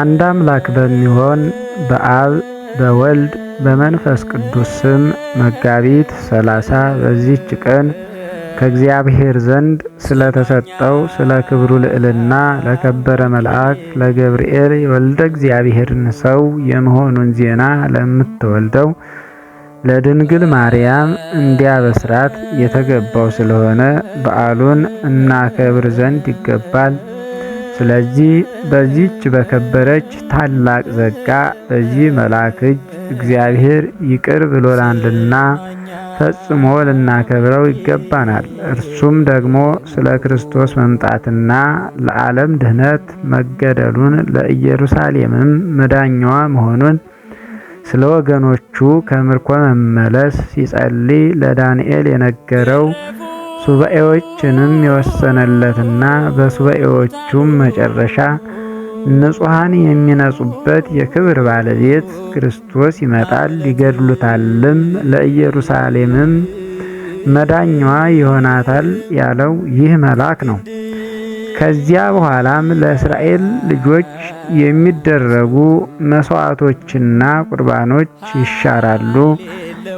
አንድ አምላክ በሚሆን በአብ በወልድ በመንፈስ ቅዱስ ስም መጋቢት ሰላሳ በዚህች ቀን ከእግዚአብሔር ዘንድ ስለተሰጠው ስለ ክብሩ ልዕልና ለከበረ መልአክ ለገብርኤል የወልደ እግዚአብሔርን ሰው የመሆኑን ዜና ለምትወልደው ለድንግል ማርያም እንዲያበስራት የተገባው ስለሆነ በዓሉን እናከብር ዘንድ ይገባል። ስለዚህ በዚች በከበረች ታላቅ ጸጋ በዚህ መልአክ እጅ እግዚአብሔር ይቅር ብሎናልና ፈጽሞ ልናከብረው ይገባናል። እርሱም ደግሞ ስለ ክርስቶስ መምጣትና ለዓለም ድኅነት መገደሉን ለኢየሩሳሌምም መዳኛዋ መሆኑን ስለ ወገኖቹ ከምርኮ መመለስ ሲጸልይ ለዳንኤል የነገረው ሱባኤዎችንም የወሰነለትና በሱባኤዎቹም መጨረሻ ንጹሐን የሚነጹበት የክብር ባለቤት ክርስቶስ ይመጣል፣ ይገድሉታልም፣ ለኢየሩሳሌምም መዳኛዋ ይሆናታል ያለው ይህ መልአክ ነው። ከዚያ በኋላም ለእስራኤል ልጆች የሚደረጉ መስዋዕቶችና ቁርባኖች ይሻራሉ።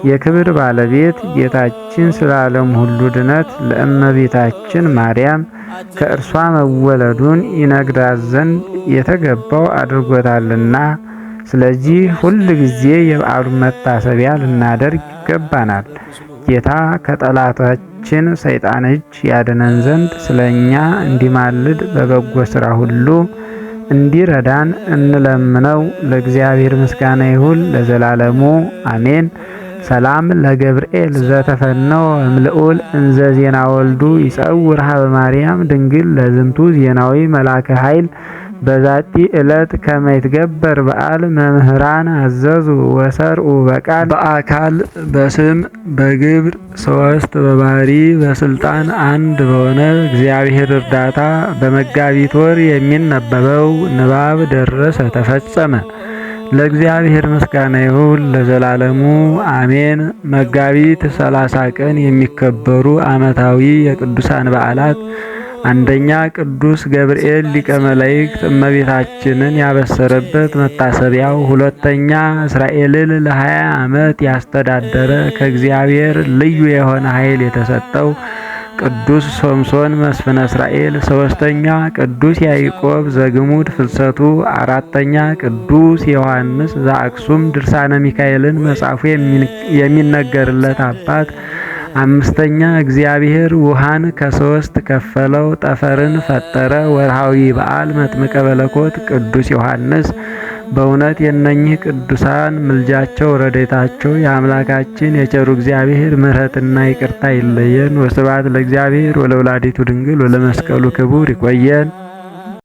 የክብር ባለቤት ጌታችን ስለ ዓለም ሁሉ ድነት ለእመቤታችን ማርያም ከእርሷ መወለዱን ይነግራት ዘንድ የተገባው አድርጎታልና ስለዚህ ሁል ጊዜ የበዓሉን መታሰቢያ ልናደርግ ይገባናል። ጌታ ከጠላታችን ሰይጣን እጅ ያድነን ዘንድ ስለ እኛ እንዲማልድ በበጎ ሥራ ሁሉ እንዲረዳን እንለምነው። ለእግዚአብሔር ምስጋና ይሁን ለዘላለሙ አሜን። ሰላም ለገብርኤል ዘተፈነወ እምልዑል እንዘ ዜና ወልዱ ይጸውር ሀበ ማርያም ድንግል ለዝንቱ ዜናዊ መላከ ኃይል በዛቲ ዕለት ከመይትገበር በዓል መምህራን አዘዙ ወሰርኡ በቃል በአካል በስም በግብር ሶስት በባህሪ በስልጣን አንድ በሆነ እግዚአብሔር እርዳታ በመጋቢት ወር የሚነበበው ንባብ ደረሰ ተፈጸመ። ለእግዚአብሔር ምስጋና ይሁን ለዘላለሙ አሜን። መጋቢት 30 ቀን የሚከበሩ ዓመታዊ የቅዱሳን በዓላት አንደኛ ቅዱስ ገብርኤል ሊቀ መላእክት እመቤታችንን ያበሰረበት መታሰቢያው። ሁለተኛ እስራኤልን ለ20 ዓመት ያስተዳደረ ከእግዚአብሔር ልዩ የሆነ ኃይል የተሰጠው ቅዱስ ሶምሶን መስፍነ እስራኤል፣ ሶስተኛ ቅዱስ ያዕቆብ ዘግሙድ ፍልሰቱ፣ አራተኛ ቅዱስ ዮሐንስ ዘአክሱም ድርሳነ ሚካኤልን መጻፉ የሚነገርለት አባት፣ አምስተኛ እግዚአብሔር ውሃን ከሶስት ከፈለው፣ ጠፈርን ፈጠረ። ወርሃዊ በዓል መጥምቀ መለኮት ቅዱስ ዮሐንስ በእውነት የእነኚህ ቅዱሳን ምልጃቸው፣ ረዴታቸው የአምላካችን የቸሩ እግዚአብሔር ምሕረትና ይቅርታ ይለየን። ወስብሐት ለእግዚአብሔር ወለወላዲቱ ድንግል ወለመስቀሉ ክቡር። ይቆየን።